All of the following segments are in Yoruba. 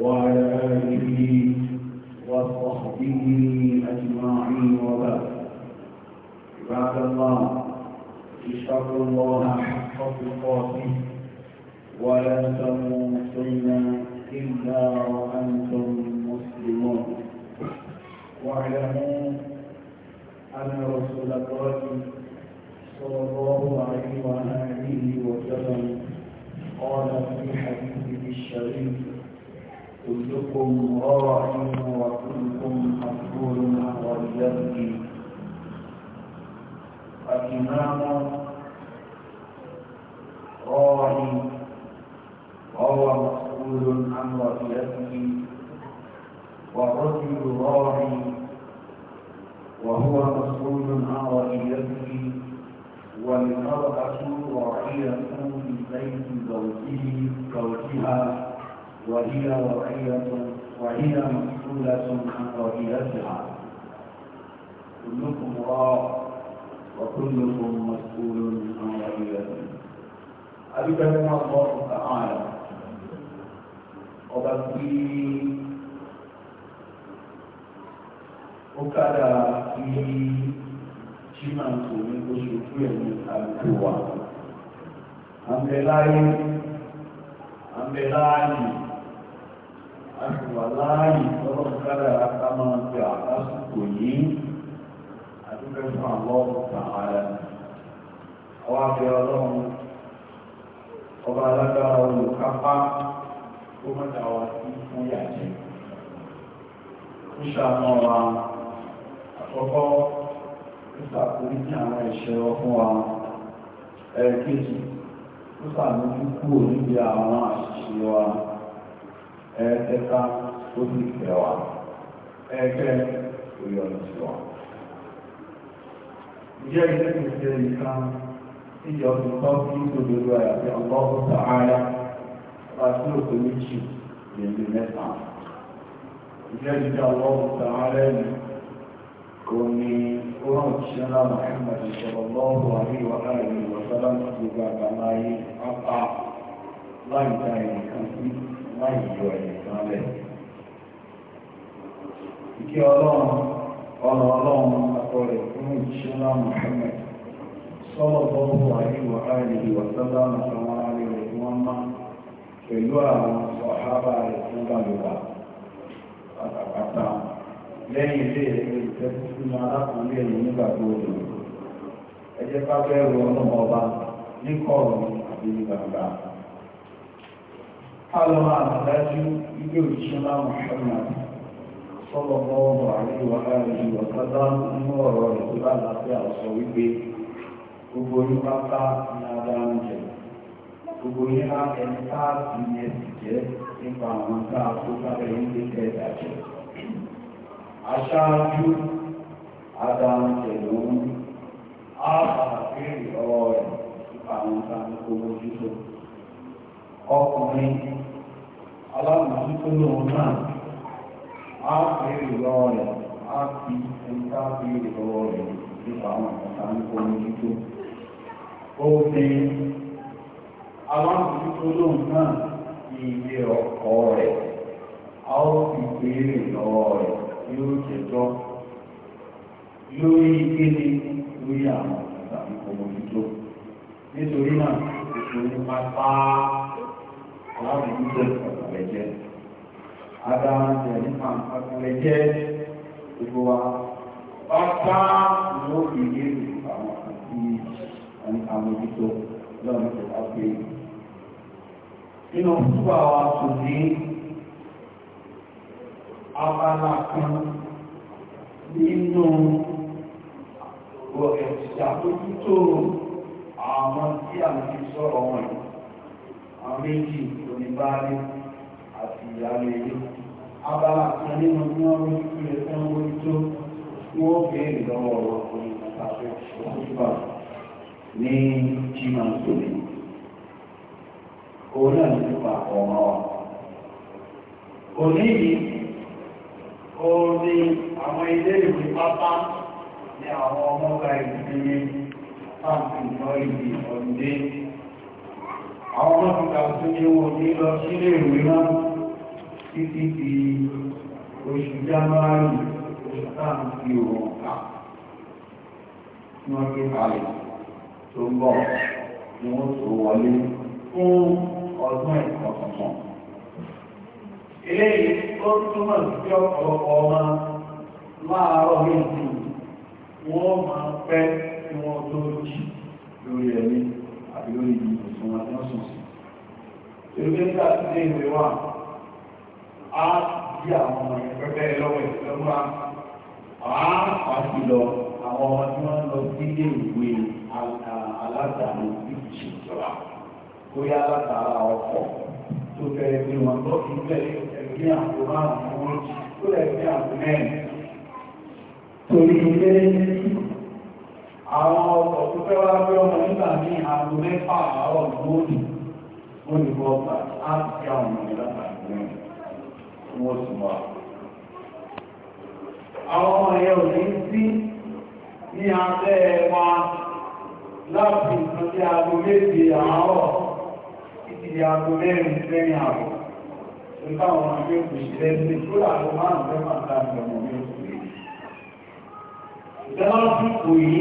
وعلى آله وصحبه أجمعين وبعد عباد الله اشهد الله حق تقاته ولا تموتن إلا وأنتم مسلمون واعلموا أن رسول الله صلى الله عليه وآله وسلم قال الشريف كلكم راع وكلكم مسؤول عن رعيته الإمام راعي وهو مسؤول عن رعيته والرجل راعي وهو مسؤول عن رعيته والمرأة راعية في بيت زوجه زوجها وهي رقية وهي مسؤولة عن رقيتها كلكم راع وكلكم مسؤول عن رقيته أبدا الله تعالى وبكي وكذا في شمال سوري وشوفوا يعني الكوان àmbẹ̀láyé àmbẹ̀láyé àṣùwàláyé lọ́wọ́ kára àkámọ́ ti àkásùkò yìí àdúgbẹ́ fún àwọn ọ̀tàrà àwọn abẹ́ ọlọ́run ọba alágbára olùkápá tó mọ́ta wá sí fún yàjẹ́ ìṣàmọ́ wa àkọ́kọ́ ìṣàkóríkì àwọn ẹ̀ṣẹ̀ ọkùn wa ẹ̀ẹ́kejì ó sàmójú kúrò níbi àwọn àṣìṣe wa ẹ̀ẹ́dẹ́ka ó sì fẹ́ wa ẹgbẹ́ òyọ̀nù sí wa. Ìjẹ́ ilé kò ṣe nìkan tí ọdún kan kí òdòdó àyàfi ọgọ́rùn-ún sàárá bá sí òkè méjì lè lè mẹ́ta. Ìjẹ́ ìjẹ́ ọgọ́rùn sàárá ẹ̀mí òní oran ṣẹlá Muhammad sallallahu alaihi wa alihi wa sallam gbogbo àgbàlá ayé pápá láì dá ẹnìkan sí láì yọ ẹnìkan lẹ̀. ìkẹ́ ọlọ́run ọ̀nà ọlọ́run àtọ̀rẹ̀ fún ìṣẹ́lá Muhammad sallallahu alaihi wa alihi wa sallam àwọn ará rẹ̀ tí wọ́n máa pẹ̀lú àwọn sọ̀hábà rẹ̀ fún gbàgbà pátápátá lẹ́yìn ilé ẹ̀kọ́ ìfẹ́kù sínú alákùnrin ẹ̀yìn nígbà tó o lò ẹ jẹ́ ká bẹ̀rù ọlọ́mọ ọba ní kọ̀ọ̀rọ̀ àti ní gbangba. ká lọ máa nà ilé òṣìṣẹ́ náà Muhammad sọ́lọ́ bọ́ọ̀bù àríwá àríwá ìwọ̀kọ́dá nínú ọ̀rọ̀ rẹ̀ tó bá láfẹ́ àwọ̀sọ wípé gbogbo yín pátá ní adáhùn jẹ gbogbo yín á ẹni káàkiri ẹsì jẹ nípa àwọn tá a kó sábẹ́ yín lé kẹta aṣáájú adáńtẹ̀lú ápàkiri ọwọ́ rẹ̀ nípa àwọn ìsáàmì owó jíso ọkùnrin alámọ̀síkó lóun náà ápàkiri ọwọ́ rẹ̀ á fi ẹnikáàkiri ọwọ́ rẹ̀ nípa àwọn ìsáàmì owó jíso obìnrin alámọ̀síkó lóun náà ilé ọkọ rẹ̀ á ó fi béèrè lọ́wọ́ rẹ̀ yóò jẹjọ́ lórí kéde lórí àwọn tàbí ọmọdúdó nítorí náà ìṣòro pátá alábòójútó ìpàkàlẹ́jẹ́ adáhàjẹ nípa ìpàkàlẹ́jẹ́ gbogbo wa pátá ló fi kéde àwọn àti àmójútó lọ́nà tó pé nínú fúnpá wa tòun ní abala kan nínú ìṣàbójútó àwọn tí a ti sọ̀rọ̀ wọn àwọn méjì oníbáàrí àti ìyàlẹ̀ ilé abala kan nínú tí wọ́n rí ìpínlẹ̀ tí wọ́n rí tó wọ́n bèèrè lọ́wọ́ ọkùnrin àtàfẹ́ òkúta ní jimá tóbi òun náà nípa ọ̀rọ̀ òní yìí orí àwọn ilé ìwé pápá ní àwọn ọmọga ìsinmi fáàkì lọ ìdí ọ̀dẹ́ àwọn ọmọkùnkà tó ní wọn ní lọ sílé ìwé náà títí di oṣù january oṣù táàmù fi òun kà ní wọ́n gbé kalẹ̀ tó ń bọ̀ ni wọ́n tó wọlé fún ọdún ẹ̀kọ́ tuntun eléyìí ó túmọ̀ sí ọ̀pọ̀lọpọ̀ ọmọ láàárọ̀ ní ìdí wọ́n máa pẹ́ tí wọ́n tó jì lórí ẹ̀mí àbí lórí ìbùsùn àti ọ̀sùn sí. Èrúgbé nígbà tí dé ìwé wà, á bí àwọn ọmọ yẹn pẹ́pẹ́ lọ́wọ́ ìfẹ́múra, á pàtì lọ àwọn ọkọ̀ tó fẹ́ gbé wọn lọ́ọ́ fi bẹ́ẹ̀ bí àpò márùn-ún ó lè torí ilé àwọn ọkọ̀ tó fẹ́ wá gbé ọmọ nígbà ní àpò mẹ́fà àárọ̀ lóòdì ó láti fi àwọn ọmọ nígbà mẹ́rin wọ́n sì wà. àwọn ọmọ yẹn ò ní sí ní abẹ́ wa láti ìtọ́jú aago méje àárọ̀ títí di mẹ́rin mẹ́rin àárọ̀ nípa àwọn ọmọdé kò sí lẹ́sìn tó làwọn márùn mẹ́fà láti ọmọ mi ò sí. ìjọba fún kò yí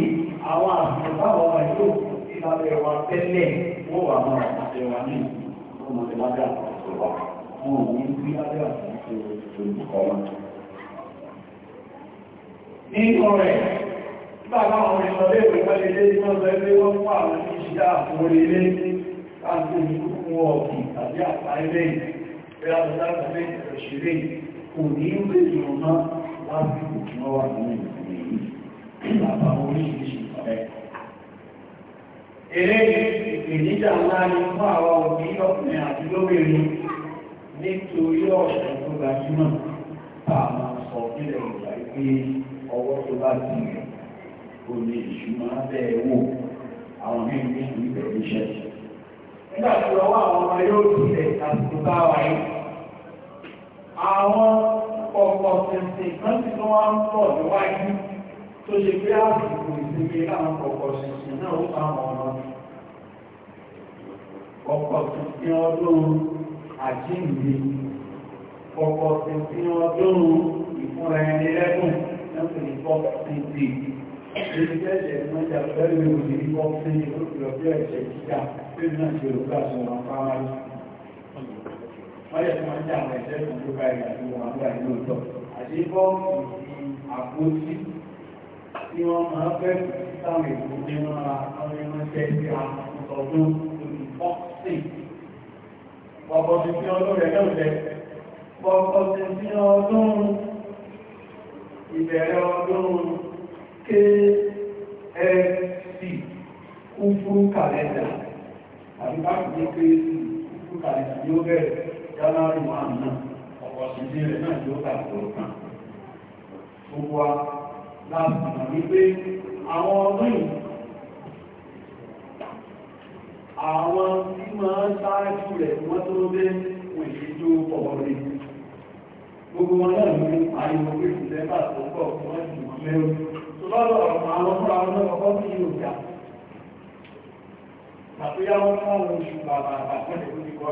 àwọn àbùkù táwọn ọmọ ìlú sí lábẹ́ wa tẹ́lẹ̀ wọ́n wà mọ́ àtàtẹ̀ wa ní ọmọdé lábẹ́ àtàtẹ̀ wa wọn ò ní sí lábẹ́ àtàtẹ̀ olùkọ́ wa. ní ọrẹ nígbà táwọn ìṣọ̀lẹ̀ ìwé pẹ́lú ilé tí wọ́n sọ ẹgbẹ́ wọn fún àwọn ìṣìdá àpò orí ilé láti ìlú fún ọ̀gbìn tàbí àpá pé àwọn láti fẹ́ ìṣeré kò ní ń pè ní ọmọ láti kò tí wọ́n wà nínú ìpínlẹ̀ yìí bàbá oríṣiríṣi ọ̀rẹ́. Eré ìpèníjà ńlá ni fún àwọn òbí ọkùnrin àti lóbìnrin nítorí ọ̀sẹ̀ a máa sọ nílẹ̀ ìgbà pé ọwọ́ tó bá ti rẹ̀ kò lè ṣùgbọ́n abẹ́ wò àwọn mẹ́rin ní ìbẹ̀rẹ̀ iṣẹ́. Nígbà tí ọwọ́ àwọn ọmọ yóò tilẹ̀ àti tó bá wáyé àwọn ọ̀pọ̀ ṣẹ̀ṣẹ̀ kan ti tó wá ń pọ̀ níwájú tó ṣe pé àsìkò ìsinmi láwọn ọ̀pọ̀ ṣẹ̀ṣẹ̀ náà ó sáwọn ọmọ ọ̀pọ̀ ṣẹ̀ṣẹ̀ ọdún àjíǹde ọ̀pọ̀ ṣẹ̀ṣẹ̀ ọdún ìfúnra ẹni lẹ́gùn lẹ́kùn ní wọ́n yẹ kí wọ́n jẹ́ àwọn ẹ̀jẹ̀ kan tó bá ẹ̀yà tó wọ́n àgbà ìlú ọ̀tọ̀ àti bọ́ọ̀lù àpótí tí wọ́n máa fẹ́ sáwọn èkó nínú àwọn ẹ̀mọ́ jẹ́ sí àtọ̀dún olùfọ́sìn ọkọ̀ tí tí ọdún rẹ̀ lọ́sẹ̀ ọkọ̀ tí tí ọdún ìbẹ̀rẹ̀ ọdún KFC kún fún kàlẹ́dà àbíkáàkì ní KFC kún fún kàlẹ́dà yóò bẹ̀rẹ̀ jálárì wọn náà ọ̀pọ̀ sílé rẹ̀ náà yóò tàbí kan gbogbo wa láti mọ̀ wípé àwọn ọdún yìí àwọn tí máa ń sáájú rẹ̀ wọ́n tó dé kò sí tó pọ̀ rí gbogbo wọn náà ní ariwo pé kò lẹ́bà tó pọ̀ wọ́n sì mọ̀ mẹ́rù tó lọ́dọ̀ àwọn fúnra wọn náà kọ́ sí yóò ga àti yáwọn fún àwọn oṣù bàbà àbàkọ́ ìdẹ̀kùn ti kọ́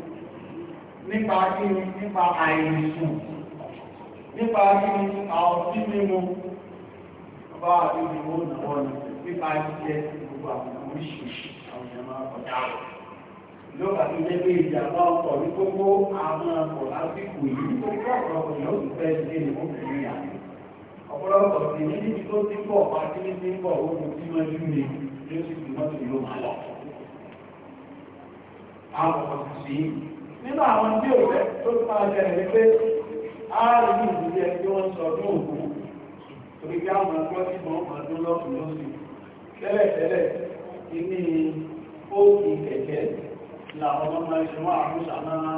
nípa kí ni nípa àìsùn nípa kí ni àwọn tí mímu bá àti ìwò ìwọ̀ ni nípa jíjẹ gbogbo àwọn oríṣiríṣi àwọn ìjọba ọ̀dà rẹ̀ lọ́wọ́ àti ilé ìjàmbá ọkọ̀ ní gbogbo àwọn ọkọ̀ lásìkò yìí tó kọ́ ọ̀pọ̀lọpọ̀ yóò ti fẹ́ sí ní obìnrin yà ọ̀pọ̀lọpọ̀ sí ní níbi tó ti pọ̀ àti ní ti ń bọ̀ ohun tí wọ́n jú ni yóò sì fi mọ́tò yóò máa lọ nínú àwọn tí ò rẹ̀ tó ti máa jẹ́ ẹ̀rí pé ààrùn ìdílé tí wọ́n sọ ní òkú torí pé àwọn ọgbọ́n tí wọ́n máa lọ́sì tẹ́lẹ̀tẹ́lẹ̀ ìní òkú kẹ̀kẹ́ làwọn ọmọ máa ṣe wọ́n àmúṣà náà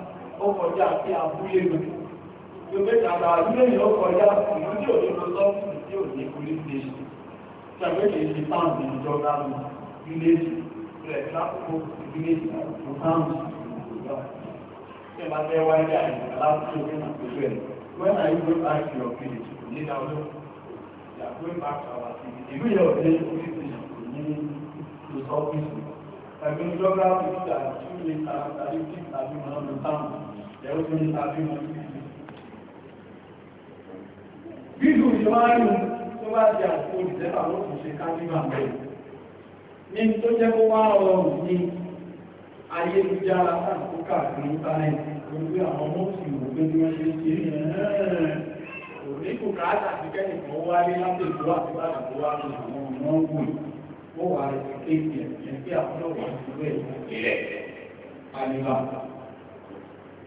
ó kọjá sí abúlé rẹ̀ tó bẹ́ẹ̀ tàbí abúlé yìí ìlú tí ò ní lọ tí ò ní police when are you going back to your village kò ní dáwọ́ you are going back to our city ìlú yẹn ò ní police station kò ní lọ sọ́ọ̀tì tàbí ìjọba mi tàbí tàbí tàbí tàbí mọ̀ ìyàwó tó ń ta bí wọn. Bíbù ìṣọ́wárù tó bá jẹ àpò ìdẹ́bà ló kò ṣe káníbà mẹ́rin. Ní tó jẹ́ kó wá rọrùn ní ayélujára tàbí káàkiri íńtánẹ́ẹ̀tì gbogbo àwọn ọmọ òsì wò pé bí wọ́n ṣe ń ṣe kò ní kò ká àti kẹ́yìn kan wá ní láti ìlú àti láti ìlú àti àwọn ọmọ ògùn ó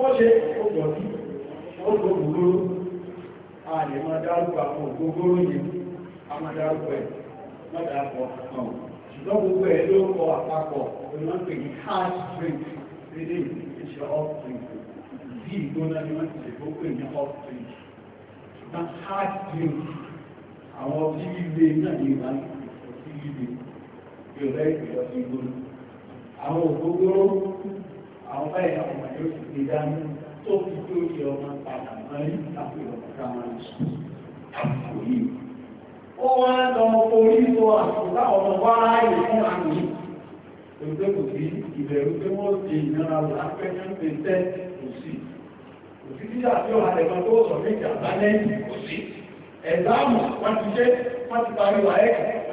wọ́n ṣe ọjọ́ bí ó tó gbogbo a lè máa dárúkọ àwọn ògbógbó yìí a máa dárúkọ ẹ̀ mọ́dàpọ̀ ọ̀hún ṣùgbọ́n gbogbo ẹ̀ ló kọ àpapọ̀ olùmọ́pẹ̀ ní hard drink lédè ìṣẹ́ off drink bí ìgbóná ni wọ́n ti lè gbogbo ní off drink ṣùgbọ́n hard drink àwọn ọtí líle náà ní ìgbà ọtí líle yóò rẹ́ ìgbà ọtí gbóná àwọn ògbógbó àwọn báyìí náà wọ́n yóò sì gbé dání tó fi tó yẹ ọmọ padà mọ́ ní àpò ìrọ̀kọ́ta wọn sùn àpò yìí. ó wá lọ orí tó àpò táwọn ọmọ wá ráàyè fún àmì òṣèlú kò sí ìbẹ̀rù pé wọ́n ti ìnira wò lápẹ́ ní pé tẹ́ kò sí kò sí títà tí ó halẹ̀ kan tó sọ méjì àbálẹ́ kò sí ẹ̀dá àmọ̀ wọ́n ti jẹ́ wọ́n ti parí ẹ̀kọ́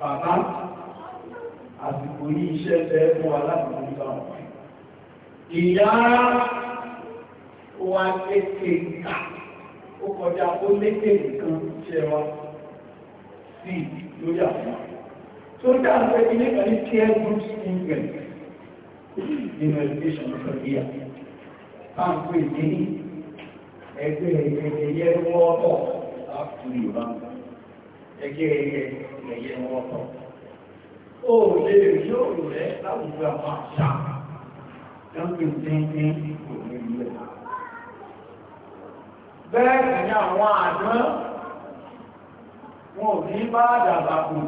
bàbá àsìkò yí iṣẹ́ tẹ́ fún aláàbòmíta wọn ìyá wa lékè ìta ó kọjá ó lékè nìkan ṣe wa sí lórí àwọn tó dá pé ilé kan ní care group student nínú education of india táǹpé ní ẹgbẹ́ ẹgbẹ́ ẹyẹ wọ́ọ́tọ̀ láti yorùbá ẹgbẹ́ ẹyẹ ẹ̀yẹ wọn tọ̀. ó lè rí òòrù rẹ̀ láwùjọ àwọn àṣà lọ́pìn tẹ́ńtẹ́ òní ilé. bẹ́ẹ̀ sì ni àwọn àdán wọn ò ní bá dàgbà kù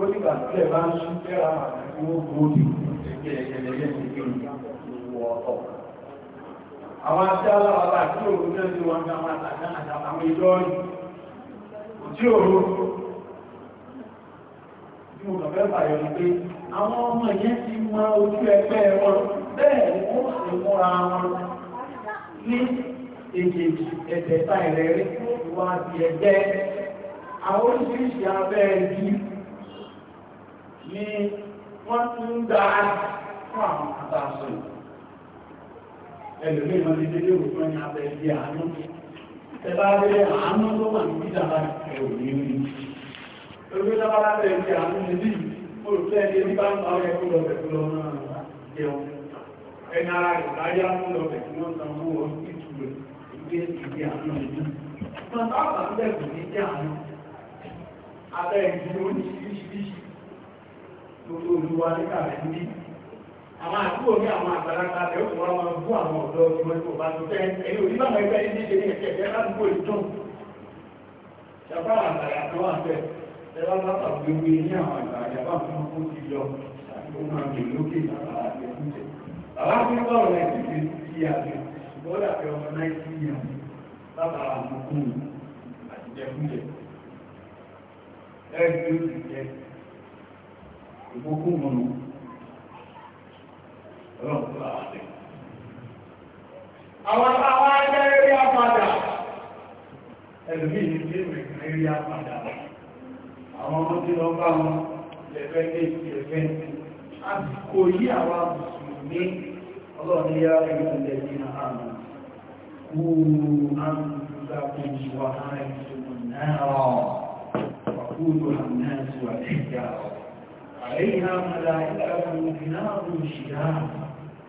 ó nígbà tí ẹ bá ń sún kẹ́ra àwọn ògbóòdì ẹgbẹ́ ẹgbẹ́ ẹgbẹ́ ọ̀tọ̀ àwọn aṣẹ́ alábàbà tí òun náà ti wọn ní àwọn àtàkà àtàkà àwọn ìjọ yìí jí òru bí mo kàn fẹ́ fàyọ̀ ní pé àwọn ọmọ yẹn ti mọ ojú ẹgbẹ́ wọn bẹ́ẹ̀ ni ó sì múra wọn ní èjèèjì ẹ̀tẹ̀ta ìrẹ̀rí wá di ẹgbẹ́ àwọn oríṣiríṣi abẹ́ ẹbí ni wọ́n tún ń dá fún àwọn àtàṣe ẹlòmíràn ní dédé òfin abẹ́ ẹbí àánú ẹ̀bá rẹ̀ àánú tó wà ní ìjàmbá ẹ̀rọ ní orí. Orí lábá lábẹ́ ìjẹ́ àánú ní bí olùfẹ́ ẹni ní bá ń bá ọ̀rẹ́ kó lọ bẹ̀ kó lọ náà jẹun. Ẹni ara rẹ̀ láyá mú lọ bẹ̀ kí wọ́n san owó wọn sí ìtúrò ìgbé ìgbé àánú ní bí. Wọ́n bá bà sílẹ̀ kò ní jẹ́ àánú. Abẹ́ ìdúró ní ṣíṣíṣíṣí. Gbogbo olúwa níkàlẹ̀ ní àwọn àdúgbò ní àwọn àgbàlagbà rẹ̀ ó ti wọ́n máa bú àwọn ọ̀dọ́ ìwọ̀n tó bá tó fẹ́ ẹni òní bá wọn ẹgbẹ́ ní ṣe ní ẹ̀kẹ́ ẹ̀kẹ́ ládùúgbò ìtàn ṣàbá àgbàlá tó wà bẹ́ẹ̀ ẹ̀rọ lápá gbogbo ní àwọn àgbàlagbà bá fún ọkọ̀ ti lọ ó máa gbè lókè ẹgbẹ́ òṣìṣẹ́ ìgbókùn ọlọ́run tó láwà lẹ́ àwọn àwọn ajẹ́ eré apádà ẹlòmíì ní bí ìwé kan eré apádà àwọn ọmọ tí lọ bá wọn lẹ́fẹ́ ní ìfẹ́ àsìkò yí àwọn mùsùlùmí ọlọ́run yá ẹgbẹ́ lẹ́yìn náà kú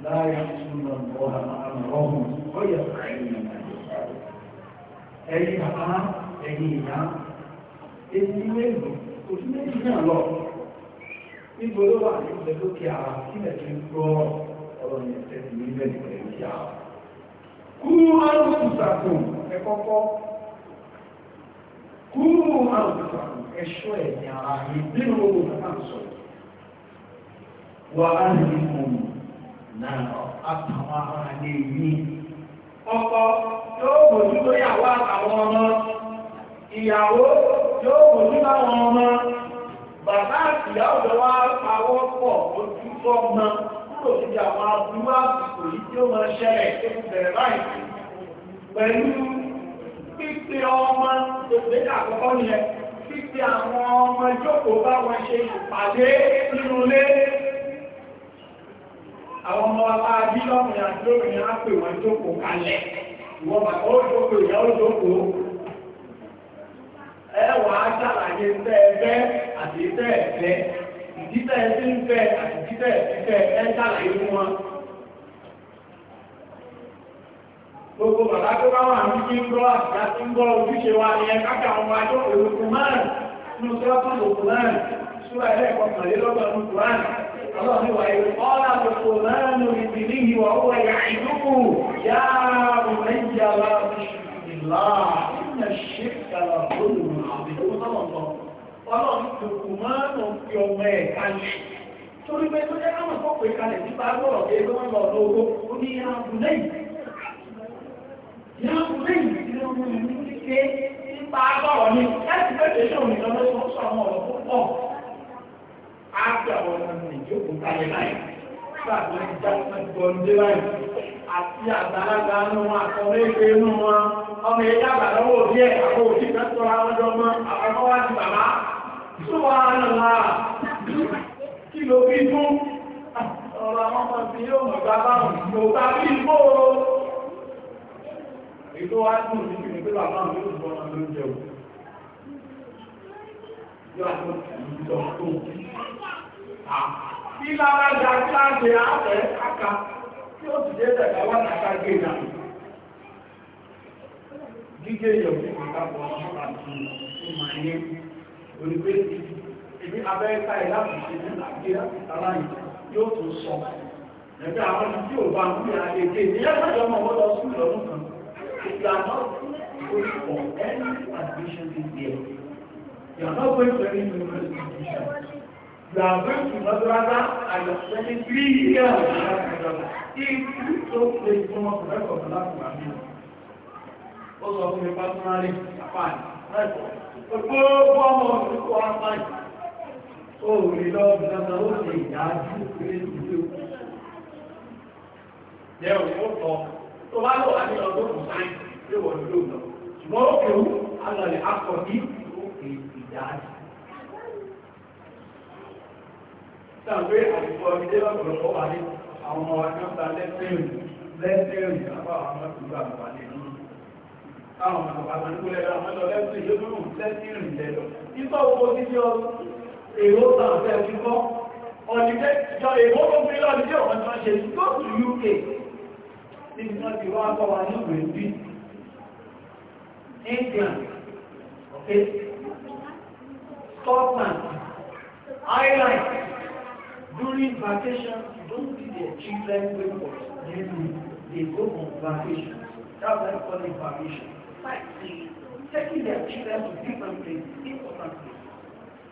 لا يحسن الله أمرهم ويفعلن ما يفعلون أي أيها èyí mélòó oṣù méjì náà lọ níbo ló wà ní ìgbẹ́ lókè ara sílẹ̀ tí ń gbọ́ ọ̀rọ̀ ní ẹ̀sẹ̀ tí ní ilẹ̀ ìgbẹ́ lókè ara kúrú àrùn ìsàkùn ẹ̀kọ́kọ́ àtàwọn ará lè ní ọkọ yóò bòjú ọmọ wa pawọ́ pọ̀ ojú ọmọ kúrò níbi àwọn abúlé àsìkò yìí tí ó máa ṣẹlẹ̀ tó bẹ̀rẹ̀ báyìí pẹ̀lú pípé ọmọ ìgbésẹ̀ àkọ́kọ́ yẹn pípé àwọn ọmọ ìjókòó bá wọn ṣe ìpàdé nínú ilé àwọn ọmọ apá bí lọ́kùnrin àti lóbìnrin á pè wọ́n jókòó kalẹ̀ ìwọ́n bàbá ó jókòó ìyá ó jókòó ẹwà ṣàlàyé tẹ́ ẹgbẹ́ àti tẹ́ ẹ̀fẹ́ ìdítẹ́ ẹ̀fẹ́ ń fẹ́ àti ìdítẹ́ ẹ̀fẹ́ ẹ ṣàlàyé fún wọn gbogbo bàbá tó bá wà ní kí ń gbọ́ àti àti ń gbọ́ ojúṣe wa ni ẹ káàkiri àwọn ọmọ ajọ́ èrò kùnmọ́rìn nínú sọ́tún lòkùnmọ́rìn súra ẹ̀ẹ́kọ̀ọ̀kànlélọ́gbọ̀n ọlọ́run ìwà ìrọ́lá gbogbo náà ló fi ti ní ìwà owó ẹ̀yà ìdúkù yá ọmọ ìjà wa ìlà ìnà ṣe kàlà lónìí àbí tó tọ́lọ̀ lọ ọlọ́run gbogbo máa ń fi ọmọ ẹ̀ kalẹ̀ torí pé tó jẹ́ káwọn tó pè kalẹ̀ nípa gbọ́rọ̀ pé ni láti fẹ́ tẹ̀sán òmìnira lọ́sọ̀ọ́sọ̀ ọ̀rọ̀ tó ápẹ́ àwọn ọmọ mi ìjókòó kalẹ̀ báyìí nígbà tó ń já gbọ́ndé báyìí àti àgbàlagbà nù wọn àtọ́wé ìgbé nù wọn ọmọ ẹ̀yà àbàlọ́wọ́ òbí ẹ̀ àwọn òbí kan tọ́ àwọn ọjọ́ mọ́ àwọn ọmọ wa ti bàbá tó wà lọ́la kí ló bí fún ọ̀rọ̀ àwọn ọmọ ti yóò mọ̀ bàbá òbí bá bí fún o. èyí tó wá dùn ní kìnnì bàbá òbí yóò bọ́ ọmọ lóúnjẹ o. yóò àtúntò ìjọ tó ń kí Kí lára dá káàdì ààrẹ káka tí ó ti jẹ́ tẹ̀lá wà náà gbé ìdá. Gígé èèyàn fún ìgbàgbọ́ ọmọ àti ìmọ̀ ẹ̀yẹ. Olùgbé ìbí abẹ́ẹ́ká ẹ̀ láti ṣe ní àgbéyà aláyìn yóò tún sọ. Ẹgbẹ́ àwọn tí ò bá ń pè á èdè ní ẹgbẹ́ ọmọ wọn lọ sí ìlọ́dún kan. Ìgbàgbọ́ good for any admission this year. You are not going to any Làbẹ́sù lọ́dọ́lọ́dá àyọ̀sẹ́ni bí ilé àwọn ìṣàkàdọ̀lá. Ìlú tó pè fún ọkùnrin ọ̀dọ́ láti wà ní. Ó sọ fún mi pásánálì, àpáàdì, lẹ́kọ̀ọ́. Gbogbo ọmọ òṣìkọ́ apáàdì. Ó rí lọ́ọ̀bù lọ́dọ́ ó ṣe ìdájú pé ìlú. Jẹ́ òṣìkọ́ tọ́, tó bá lọ́wà ní ọdún kò sáyẹ̀, yóò wọ̀ ní lóòótọ́. Ṣùgbọ́n ó kéwú, á lọ lè akọ̀ ní ìdájú. Tàbí àdìbò ọmọdé lọ́pọ̀lọpọ̀ wà ní àwọn ọmọ akẹ́ta England, okay, Scotland, Ireland, During vacation, you don't see their children wait for them. They go on vacation. That's why I call it vacation. taking their children to different places, important places,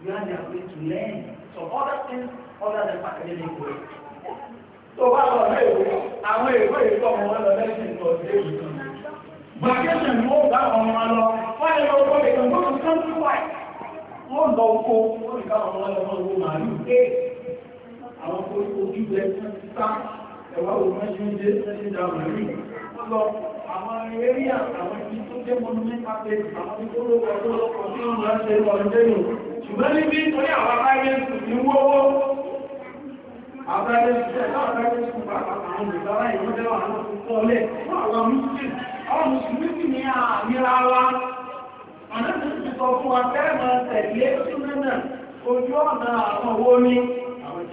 where they are going to learn some other things other than academic work. Tó bá lọ lé ìwé, àwọn èèwé ìkọ́ ọmọ wọn lọ lẹ́sìn lọ sí èyí kan. Vacation ni wọ́n bá ọmọ wọn lọ, wọ́n lè lọ owó ìkànnì tó ń tún wáyé. Wọ́n lọ oko, wọ́n lè ká ọmọ wọn lọ owó màálù àwọn tó ojú bẹ sá ẹ̀wà òmọ́júndé ẹ̀ṣẹ́dà mẹ́rin wọ́n lọ àwọn eré àwọn ibi tó jẹ́ mọ́númí pàtẹ́ àwọn ibi tó lọ́pọ̀ tó lọ́pọ̀ tí wọ́n lọ́ ṣe lọ lẹ́nu ṣùgbọ́n níbi torí àwọn akáyẹ́sù ní wọ́wọ́ Ojú ọ̀nà àwọn owó ní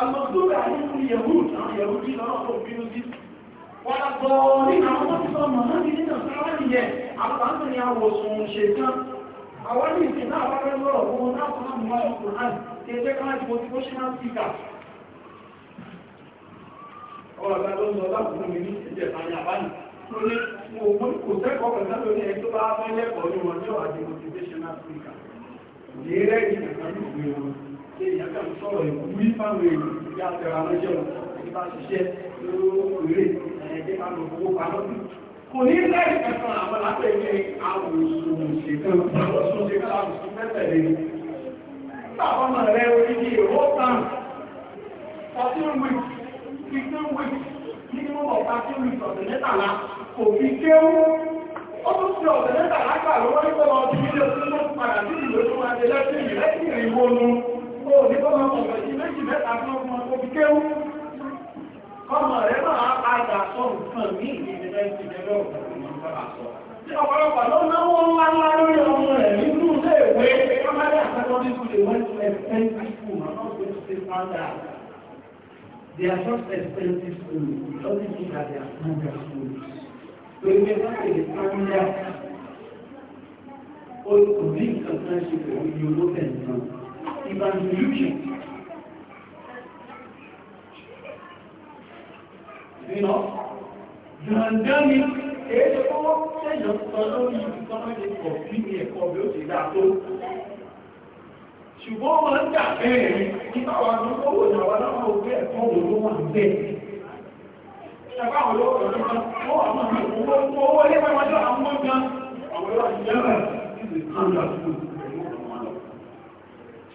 alọ́dúnrà nínú yahud àwọn yahudi lọ́nà tó bínú sí wọ́n gbọ́ nínú àwọn tó ti sọ mọ̀mọ́ ní nínú sáwá nìyẹn àpáńtò ni àwòsùn ṣe tán àwọn ní ìsìn náà bá fẹ́ lọ́rọ̀ wọn náà fún àwọn ọmọ ọkùnrin náà ti ẹgbẹ́ kan láti motivational speaker ọ̀rọ̀ ọ̀gá ló ń lọ láàbùkún mi ní ìjẹ̀ àyà báyìí tó mo kò sẹ́kọ̀ọ́ pẹ̀lú ẹni tó bá fẹ́ lẹ́kọ̀ọ́ ní wọn ní ọ̀hà di pé ìyàkàn sọ̀rọ̀ ìwú ní fáwọn èèyàn ìyá àtẹ̀rà lọ́jọ́ ìbá ṣiṣẹ́ lórí ẹgbẹ́ máa lọ owó pa lọ́dún kò ní lẹ́yìn ẹ̀kan àwọn lápẹ̀lẹ́ àwòsùn ṣèkan àwòsùn ṣèkan àwòsùn mẹ́tẹ̀lẹ́ Àwọn ọmọ rẹ̀ orí ní ìwó tán, ọdún wíìkì, ìgbẹ́ wíìkì, nínú ọ̀pá tí ó rí ọ̀dẹ̀ mẹ́tàlá, kò fi kéwú, ó tún fi ọ̀dẹ̀ mẹ́tàlá gbà lọ́wọ́ nípa ọdún ilé ọdún mọ́ padà sí ìlú tó máa jẹ lẹ́sìn ìrẹ́sìn ìrìnwó nú ó ní kọ́mọ ọ̀gbẹ̀ sí méjì mẹ́ta fún ọmọ òbí kéwú kọ́mọ rẹ̀ máa padà sọ nǹkan ní ìdílé ìdílé ọ̀pọ̀lọpọ̀ ló náwó ńlá ńlá lórí ọmọ rẹ̀ nínú ilé ìwé ọmọdé àtàkọ́dé tó lè wọ́n ti ẹ̀fẹ́ ìfún àwọn ọ̀gbẹ̀ sí padà They are just expensive schools. It doesn't mean that they are standard schools. So if you have a standard olùkùnrin kankan ṣe pẹ̀lú iye owó tẹ̀sán evangelization. You know, the pandemic is all sẹ́yọ̀ tọ́lọ́ bí i ẹ̀kọ́ bí ó ti dá tó. Ṣùgbọ́n wọ́n ń dà bẹ́ẹ̀ nípa wà ní owó ìjọba lọ́wọ́ òkè ẹ̀kọ́ wò ló bẹ́ẹ̀. Ṣàbá wọ́n lọ́wọ́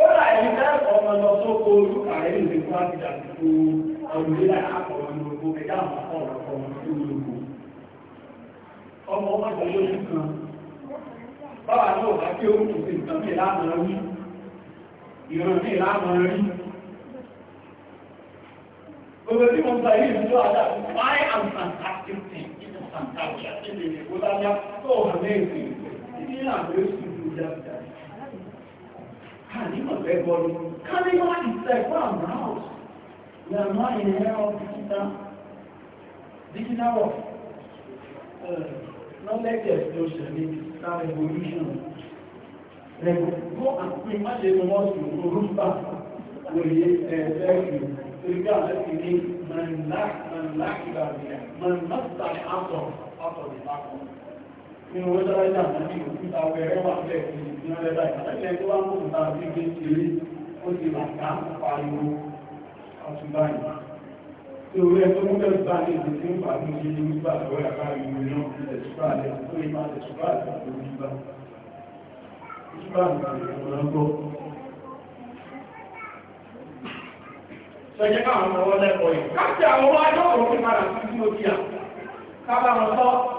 kódà ẹ̀yìn tẹ́lẹ̀kọ́ ọmọ lọ tó kó olúkà rẹ̀ lè fún láti dàbíkó ọdún ilé àkọ́kọ́ ní ogbó ẹ̀dá àwọn ọ̀rọ̀ ọmọ tó ní ogbó ọmọ ọmọ tó lójú kan báwa náà bá kí ó kù sí nǹkan bí lánàá rí ìran bí lánàá rí gbogbo tí mo gba yìí ló àdá why am fantastic thing is fantastic thing lè kó lájá tó hàn ní èsì ìdí náà ló sì dúró dáadáa Can you everybody? Carnival is like one house. We are not in an era of digital, digital of uh, not like the explosion, it's not revolution. Go and pray, much as you want to roof back with the that you need man lack, man lack, man must start out of, out of nínú owó tọ́lá ìjà àti ìgbà ọ̀pẹ̀rẹ̀ wà pẹ̀ ìrìnlẹ́ta ìpàtàkì tó wá ń kò ta sí gbé ṣeré ó ti bàtà pariwo ọ̀túnbá yìí tí orí ẹ̀tọ́ mú bẹ̀rẹ̀ bá ní ìdí tí ń pàdé ní ilé nígbà tó yà bá ìlú náà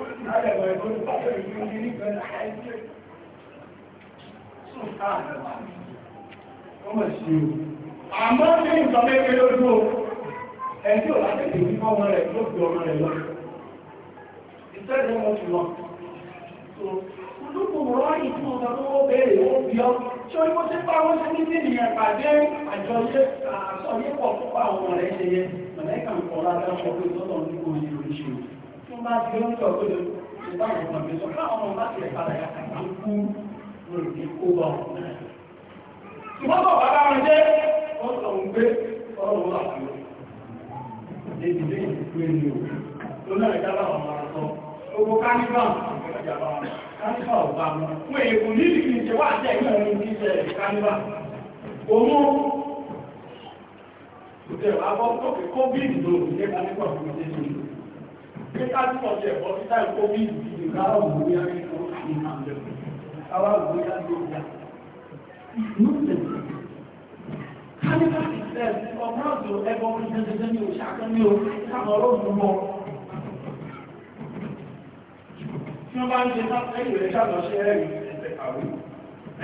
Àmọ́ ní ìsọ̀lẹ́gbẹ́ lójú o, ẹni ò láti lè ní ọmọ rẹ̀ ló fi ọmọ rẹ̀ lọ. Ìṣẹ́lẹ̀ wọn ti lọ. Olúkù rọ́ ìtún ọmọ tó ó bèèrè ó bí ọ, ṣe orí mo ti pa sí ní ìrìn àpàdé àjọ ti ọmọ bá tiẹ̀ padà yà kàkà ń kú kó bá wọn náà. ṣùgbọ́n bàbá bá wọn jẹ́ ó sọ ní o tó náà bá wọn máa sọ owó bá wọn. fún èèkù nílì kì í ṣe kó bí ìdòwò ní pé káàkiri ọ̀sẹ̀ ẹ̀bọ́ títà ìkó bí ìlú ìlú káwà òmìnira ní ìhànlẹ̀ káwà òmìnira ní ìjà Káníkà ìṣẹ́ ọmọ ọ̀dọ̀ ẹgbọ́ orí jẹjẹjẹ ní òṣàkán ní orí káàkiri ọlọ́run mọ́. Tí wọ́n bá ń ṣe sáà ẹ̀yìn rẹ̀ ṣàlọ́ṣẹ́ ẹ̀rìn ẹ̀ṣẹ̀ kàwé,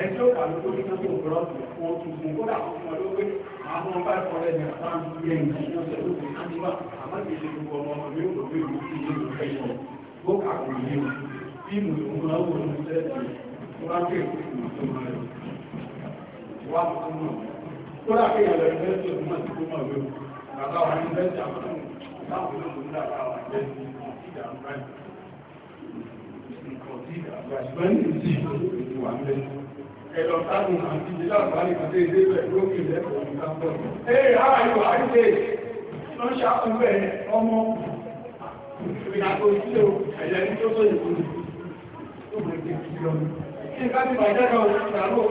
ẹ̀ṣẹ́ òkàlù tó ní kí wọ́n tó ń gbọ́rọ̀ fún ọdún fún kódà fún ọdún pé àwọn ọba ìfọ̀rẹ́ ní àpáǹ yẹ ìdájọ́ pẹ̀lú ìdánimá àmọ́ kìí ṣe gbogbo ọmọ ọmọ yóò lórí ìlú sí ilé ìlú ẹ̀yọ ó kàwé yé o bí mo lò ń lọ́wọ́ ní sẹ́ẹ̀tì wọ́n á pè é tó máa lò wá tó mọ̀ tó rà pé ìyàlọ́ ìfẹ́sì ọ̀hún àti tó mọ̀ lò bàbá wa ní ìfẹ́sì àwọn táwọn náà ń dà bá wa jẹ́ sí ìdá àbúrá ìgbà ìgbà ní ìsìn ìwà ń bẹ́ẹ̀ ẹ̀lọ́ tábùn àti ìlàbàárì àti èdè rẹ̀ lókè lẹ́kọ̀ọ́ ìtàkùn. Ee, ara ìwà àìṣe wọ́n ṣàkúnbẹ̀ ọmọ ìrìnàkò ìṣẹ́ ẹ̀yẹ ní tó tó ìwò ní ọmọdé ìjọ. Kí n ká ti bàjẹ́ náà wọ́n ti àrò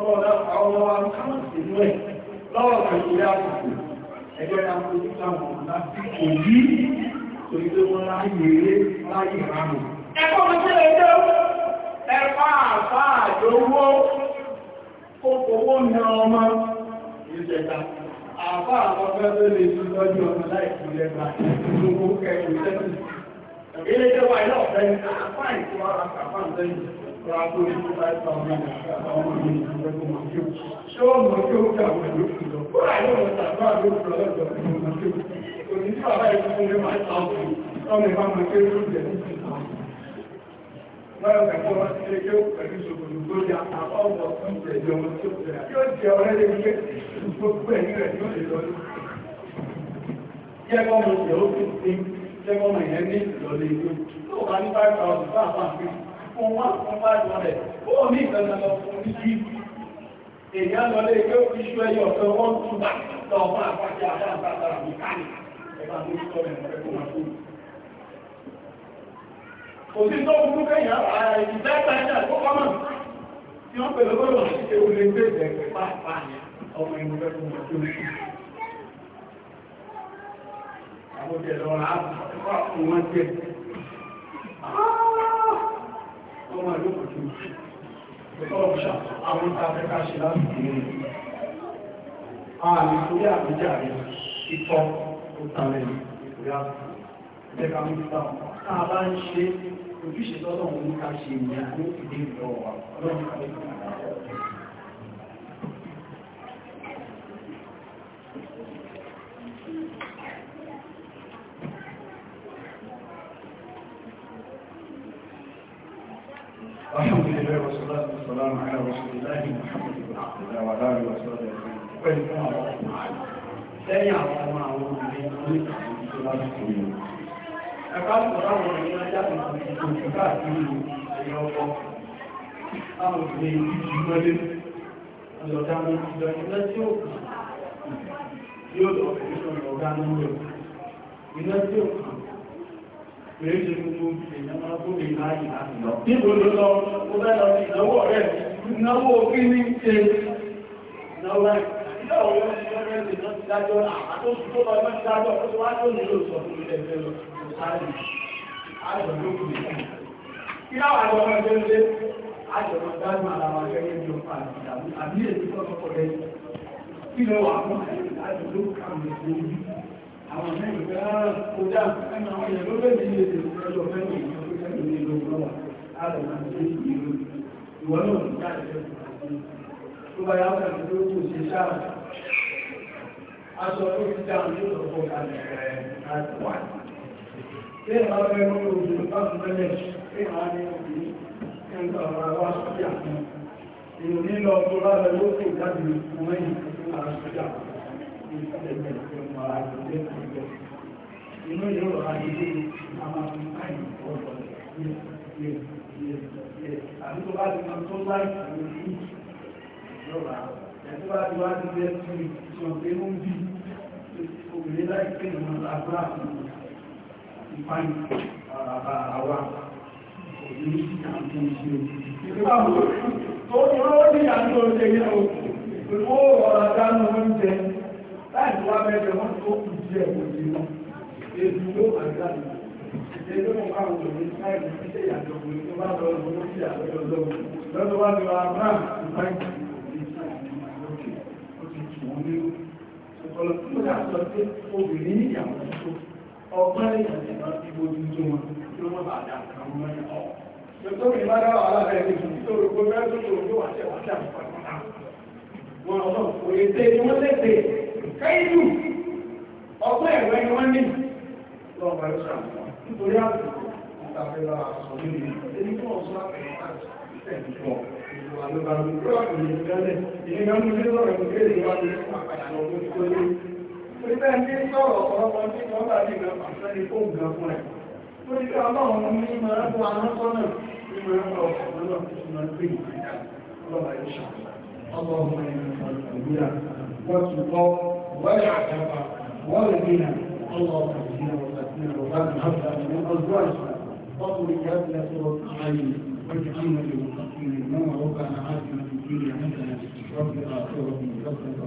ọmọdé àwọn ọmọ akọ́mọ̀ sí inú ẹ̀ lọ́wọ́ pẹ̀lú ìyá àkùkù ẹgbẹ́ náà kó ní sáwọn ọ̀nà kò yí torí pé wọ́n láyé ráyè rámù. Ẹ̀kọ́ mi ẹ̀fà àfà àjòwó kókòwó ní ọmọ ìjẹta. Àfà àkọ́fẹ́ tó lè tún lọ́jú ọmọ láìpù lẹ́gbà gbogbo kẹrù tẹ́tù. Ilé ìjọba ilé ọ̀fẹ́ ní àfà ìtura àkàfà ìtẹ́yìn. Ṣé ó mọ̀ tí ó kà pẹ̀lú ìlọ? Kúrà yóò mọ̀ tàbí àdókùnrin ọlọ́dọ̀ ìlú mọ̀ tí ó. Kò ní sí bàbá ìfún ní máa ń sọ ọ́nà ìbámu tí ó rú jẹ̀ níbi lọ́rọ̀ kàtọ́ wá sí ẹjọ́ pẹ̀lú ṣòkòtò tó ya àwọn ọmọ fún ìjẹ̀jọ́ wọn tó tẹ̀lé yóò jẹ́ ọ̀rẹ́ lè gbé gbogbo ẹ̀yìn rẹ̀ yóò lè lọ́dún. jẹ́gbọ́n mo jẹ́ ó fi sí jẹ́gbọ́n mo yẹn ní ìlọ́lẹ̀ ìlú tó wà ní five thousand fún àpá àfi fún wá fún five hundred ó ní ìtọ́nà lọ fún ní kí èyí á lọlé ìgbé iṣu ẹyọ ọ̀sán wọ́n tún bá lọ fún àpá àti àpá àpá àpá àpá òsì tó burú tí wọ́n pẹ̀lú ṣe olè gbé ẹ̀gbẹ̀ pàápàá ọmọ inú fẹ́ fún ọjọ́ oṣù àwọn òjẹ̀ lọ rà á fún ọmọ ìlú àwọn tàbẹ́ká ṣe láti ìrìn àmì ìtòrí àbújá rẹ̀ ìtọ́ ó tààrẹ̀ ìpòyà fún jẹ́ka mú sí táwọn tá a bá ń ṣe ojúṣe lọ́dọ̀ òun ní ká ṣe ìyá ní ìdí ìlọ wa ọlọ́run ká lè fún àgbà الحمد لله والصلاة والسلام على رسول الله محمد بن عبد الله وعلى آله وصحبه أجمعين. وإن كان الله تعالى لا يعلم ما هو من ẹ̀ka sọ̀rọ̀ àwọn ọ̀rẹ́ ajá tó kò káàkiri ẹ̀yọ ọkọ̀ àwọn òṣèré ìdíjì mọ́lé ọ̀dọ̀dá mọ́ ìdọ̀dá tí ó kù yóò lọ ìṣọ̀rọ̀ ọ̀gá mọ́lẹ̀ ìdọ̀dá tí ó kù pèrè ṣe gbogbo èèyàn máa tó lè láàyè láti lọ níbo ló lọ ó bẹ́ lọ sí ìnáwó rẹ̀ ìnáwó kí ní ṣe ìnáwó rẹ̀ ìnáwó rẹ̀ ìnáwó rẹ̀ ìnáwó rẹ̀ ìnáwó rẹ̀ ìnáwó rẹ̀ ìnáwó rẹ̀ ìnáwó rẹ̀ ìnáwó rẹ̀ ìnáwó rẹ̀ ìnáwó rẹ̀ ìnáwó rẹ̀ ìnáwó sáré ọmọ ẹgbẹ́ ń lé àjọ ọmọ dájú ara wa gẹ́gẹ́ bí ọkọ àti ìdààmú àbí èyí tó kọ́kọ́ rẹ̀ kí lọ wà fún àjọ tó kà mí lójú àwọn mẹ́rin fẹ́ kó dá ẹnu àwọn èèyàn ṣé ìwà fẹ́ mú òjò láti mẹ́lẹ̀ ṣe ìwà ní òbí ẹ̀ńtà ọ̀rọ̀ àwọn aṣọ́jà kan ìlú nílọ tó lára ló kò jáde fún ẹ̀yìn aṣọ́jà inú yóò rà ní ilé àwọn àmì ọ̀rọ̀ àti tó bá ti mọ tó láì fún ìlú yóò wá ti bẹ́ẹ̀ tún ìtàn ó ń bí obìnrin láì àgbà àti ìmọ̀ ìfáyì bàbá àwa òní àti ìṣe ìgbàmù tó rọ́ ní àti oúnjẹ yẹn o ìwó ọ̀rọ̀ dánú oúnjẹ láì wá mẹ́jọ wọ́n tó kù díẹ̀ kò sí lọ èdè ló wà dánú èdè mọ̀ káwọn òní láì ní iṣẹ́ ìyàtọ̀ òní tó bá lọ lọ sí àlọ́jọ́ lọ́wọ́ lọ́dọ̀ wá ní wa máa ìfáyì ó ti tù wọ́n nínú ọ̀pọ̀lọpọ̀ tó dà sọ pé obìnrin níyàwó ọgbọ́n èèyàn ti máa tó wọn tí wọ́n bá dà kan mọ́ ẹ̀ ọ́. Lọ́tọ́ mi máa dára wàhálà rẹ̀ ní ìlú tó mẹ́rin tó rògbò tó wà tẹ̀ wá tẹ̀ wọn òye tẹ ni wọ́n tẹ̀sẹ̀ káyéjú ọgbọ́n ẹ̀rọ ẹni wọ́n ní lọ́wọ́ bá yóò nítorí àbùkù ìtàfẹ́ lọ́wọ́ àṣọ ló bá lóko àti ìwádìí fún àpàdánù tó lé Oríṣẹ́ ẹni sọ̀rọ̀ ọ̀pọ̀lọpọ̀ tí wọ́n bá lè gbọ́n pàṣẹ ní fóòmù gan fún ẹ̀. Ó ti fẹ́ ọlọ́run ní ìmọ̀ ẹ̀kọ́ anáfọ́nà ní ìmọ̀ ẹ̀kọ́ ọ̀pọ̀lọpọ̀ tí wọ́n gbé ìgbà lọ́wọ́ ẹ̀ṣọ́. اللهم إنا نسألك والسلطان والعتبة والغنى اللهم اهدنا وسدنا وبارك حتى من أزواجنا وذرياتنا سورة العين واجعلنا للمتقين إماما ربنا آتنا في الدنيا حسنة وفي الآخرة حسنة